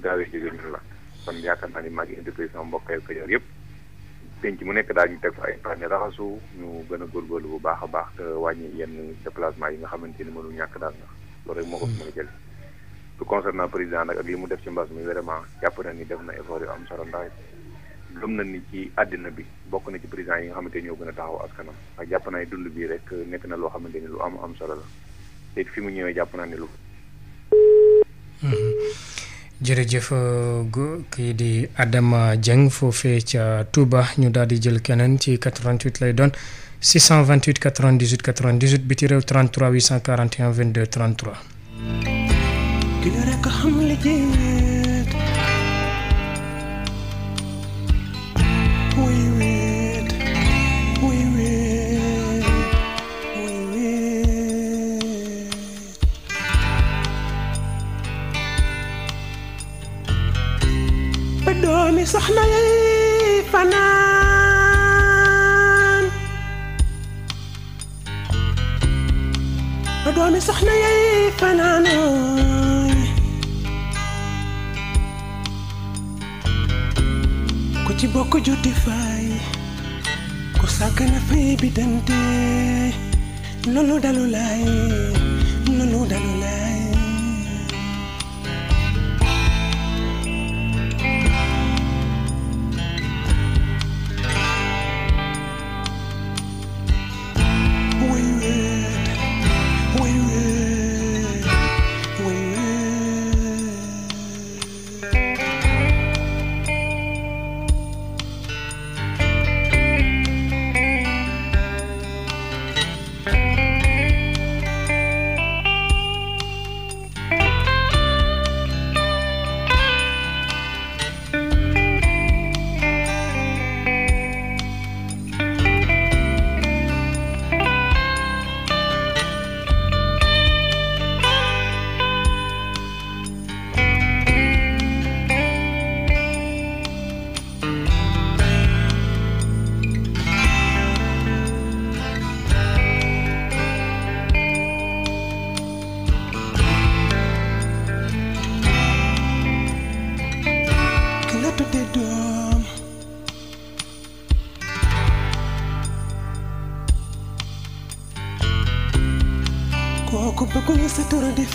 gaawee jógee ñun la kon yaakaar naa ni mag ngi interpellé sama mbokk ak Kajoor yëpp penc mu nekk daal ñu teg fa ay paane raxasu ñu gën a góor góorlu bu baax a baax te wàññi yenn déplacement yi nga xamante ni mënul ñàkk daal ndax loolu moo ko fi mën a jël tout concernant président nag ak li mu def ci mbas mi vraiment jàpp na ni def na effort yu am solo ndax gëm na nit ci àddina bi bokk na ci président yi nga xamante ñoo gën a taxaw askanam ak jàpp naa dund bii rek nekk na loo xamante ni lu am am solo la te fi mu ñëwee jàpp naa ne lu. Mhm. jërëjëf kii di Adama Dieng foofee ca Touba ñu daal di jël keneen ci 88 lay doon 628 98 98 biti réew 33 841 22 33.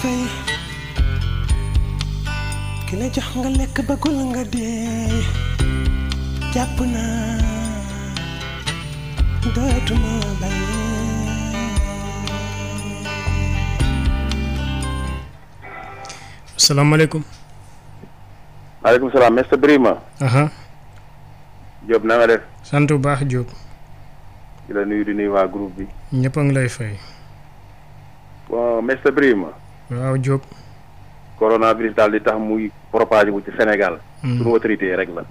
fay ki la jox nga lekk bëggul nga dee jàpp naa dootuma bàyyi salaamaaleykum maaleykum salaam Mr Birima aha Diop na def sant bu baax Diop di la nuyu di nuyu waa groupe bi ñëpp ngi lay fay bon Mr Birima waaw Diop. coronavirus daal di tax muy propagé wu ci Sénégal. Hmm. suñu autorité yi rek la.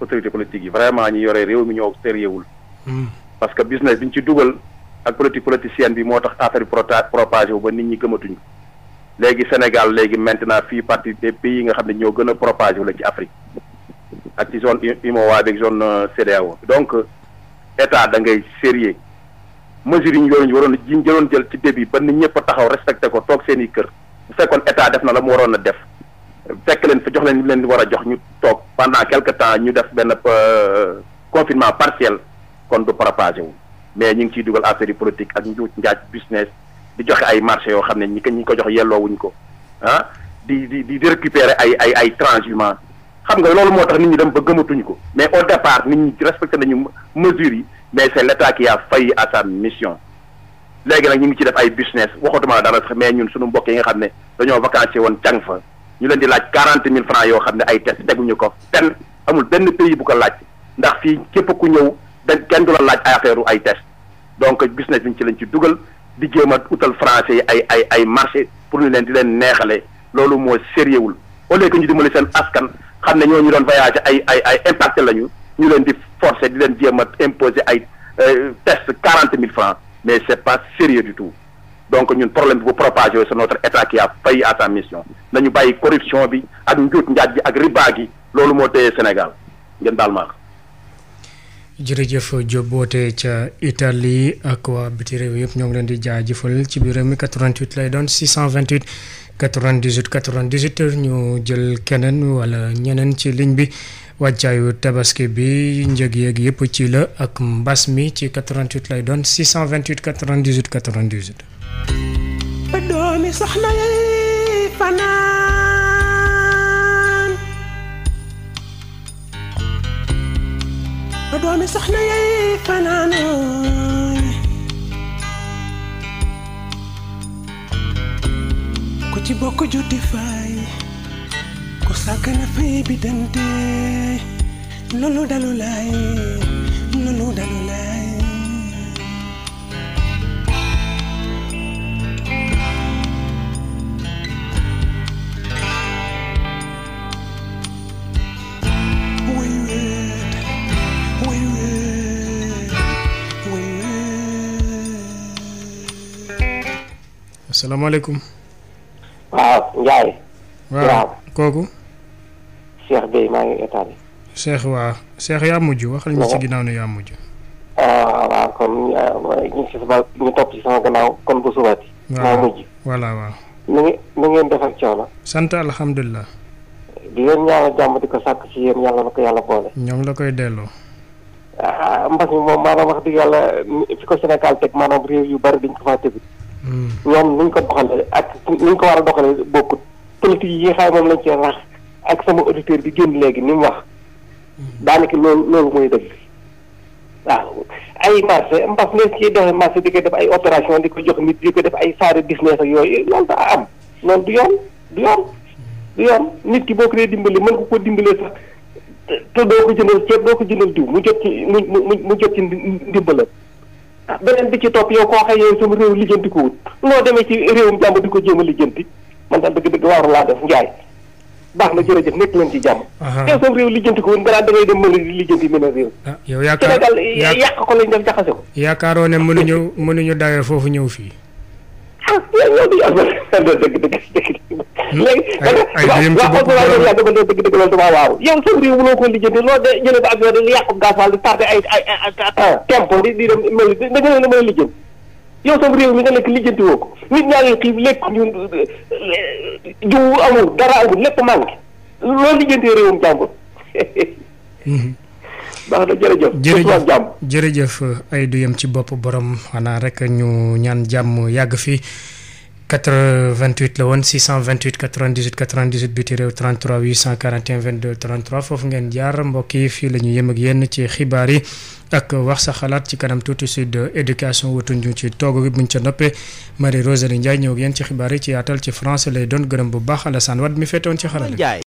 autorité politique yi vraiment ñi yore réew mi ñoo sérieux wul hmm. parce que business bi ñu ci dugal ak politique politicienne bi moo tax affaire bi propagé wu ba nit ñi gëmatuñu. léegi Sénégal léegi maintenant fii parti des pays yi nga xam ne ñoo gën a propagé wu la ci Afrique ak ci zone UMOA avec zone euh, CEDEAO donc état da ngay sérieux mesures yi ñu yoroon waroon yi ñu jëloon jël ci début ba nit ñëpp a taxaw respecté ko toog seeni i kër bu fekkoon état def na la mu waroon a def fekk leen fi jox leen leen war a jox ñu toog pendant quelque temps ñu def benn euh, confinement partiel kon du propagé wu mais ñu ngi ciy dugal affaire yi politique ak njuuj njaaj business di joxe ay marché yoo xam ne ñi ko ñi ko jox yelloowuñ ko ah di di di récupérer ay ay ay transhumants xam nga loolu moo tax nit ñi dem ba gëmatuñ ko mais au de nit ñi respecté nañu mesures yi mais c'est l'État qui a failli mission léegi nag ñu ngi ci def ay business waxatuma la dara mais ñun suñu mbokk yi nga xam ne dañoo vacancé woon càng fa ñu leen di laaj quarante mille francs yoo xam ne ay test teguñu ko fenn amul benn pays bu ko laaj ndax fii képp ku ñëw da kenn du la laaj ay affaire ay test donc business bi ñu ci lañ ci dugal di jéem a utal français yi ay ay ay marché pour ñu leen di leen neexale loolu moo sérieux wul au lieu ñu dimbali seen askan xam ne ñoo ñu doon voyagé ay ay ay impacté lañu ñu leen di forcer di leen jéem a imposer ay euh, test quarante mille francs mais c'est pas sérieux du tout donc ñun problème bi bu propagé c'est notre état qui a failli à sa mission nañu bàyyi corruption bi ak njuut njaaj bi ak riba gi loolu moo téye Sénégal ngeen daal maa jërëjëf Diop bootee ca Italie ak waa biti réew yëpp ñoo ngi leen di jaajëfal ci biir réew mi 88 lay doon 628 98 98 ñu jël keneen wala ñeneen ci ligne bi wàccaayu tabaski bi njëg yeeg yëpp ci la ak mbas mi ci 88 lay doon 628 98 soxna yi fanaan ku ci bokk juuti ku sàggan a fay bi dante loolu dalu laay loolu dalu laay asalaamaaleykum. waaw Ndiaye. waaw kooku. Cheikh Bey maa ngi état bi. Cheikh waa Cheikh yaa mujj waxal ñu ci ginnaaw ne yaa mujj. Ah, waaw kon ah, ñu ci sama ñu topp ci sama gannaaw kon bu subaati. maa mujj voilà waaw. nu ngeen nu ngeen coono. sant alhamdulilah. di leen ñaanal jàmm di ko sàkk ci yéen yàlla na ko yàlla boole. ñoo la koy delloo. Ah, mbas mi moom maanaam wax dëgg yàlla fi ko Sénégal teg maanaam réew yu bari dañ ko faa tegu. Hmm. ñoom ni ñu ko doxalee ak ni ñu ko war a doxalee bokkut. politique yi nga xam moom lañ cee rax ak sama auditeur bi génn léegi ni wax mhm. daanaka loolu loolu mooy dëgg waaw ay marché mbas ngeen ciy doxee marché di ko def ay opération di ko jox nit di ko def ay saare business ak yooyu loolu daa am loolu du yoon du yoon du yoon nit ki boo ko dee dimbali mën ko ko dimbalee sax te doo ko jëndal ceeb doo ko jëndal diw mu jot ci mu mu mu jot ci ndimbalam ah beneen bi ci topp yow koo xëy yow sama réew lijjanti ko wut loo demee ci réewum jàmbur di ko jéem a lijjanti man daal dëgg dëgg waaru laa def njaay baax na jërëjëf nekk leen ci jàmm. teew sam réew lijjanti ko woon nga daan da ngay dem mën di lijjanti mën a réew. ah yow yaakaar Sénégal yàq ko lañ def jaxase ko. yaakaaroo ne mënuñu foofu ñëw fii. ah ñoo di yàgg dëgg dëgg dëgg. léegi ay ay yéen ci bopp waaw waaw waaw dama ne dëgg dëgg loolu damaa waaru. de jëlee ba avion di yàqu gasoil di tardé ay ay ay temps. tempo di di dem mel ni da nga leen a a lijjanti yow sam réew mi nga nekk lijjanti ko nit ñaa ngi lekk ñu eh, jiwu amul dara amul lépp manqué loolu lijjantee réewum jàmbur mhm. jërëjëf jërëjëf jërëjëf ay du yem ci bopp borom xanaa rek ñu ñaan jàmm yàgg fii 88 la woon 628 98 98 biti réew 33 841 22 33 foofu ngeen jaar mbokk yi fii la ñu yem ak yéen ci xibaar yi ak wax sa xalaat ci kanam tuuti sud éducation wutuñu ci toog bi buñ ca noppee Marie Rosalie Ndiaye ñëw ak ci xibaar yi ci yaatal ci France lay doon gërëm bu baax Alassane Wade mi féetoon ci xarala.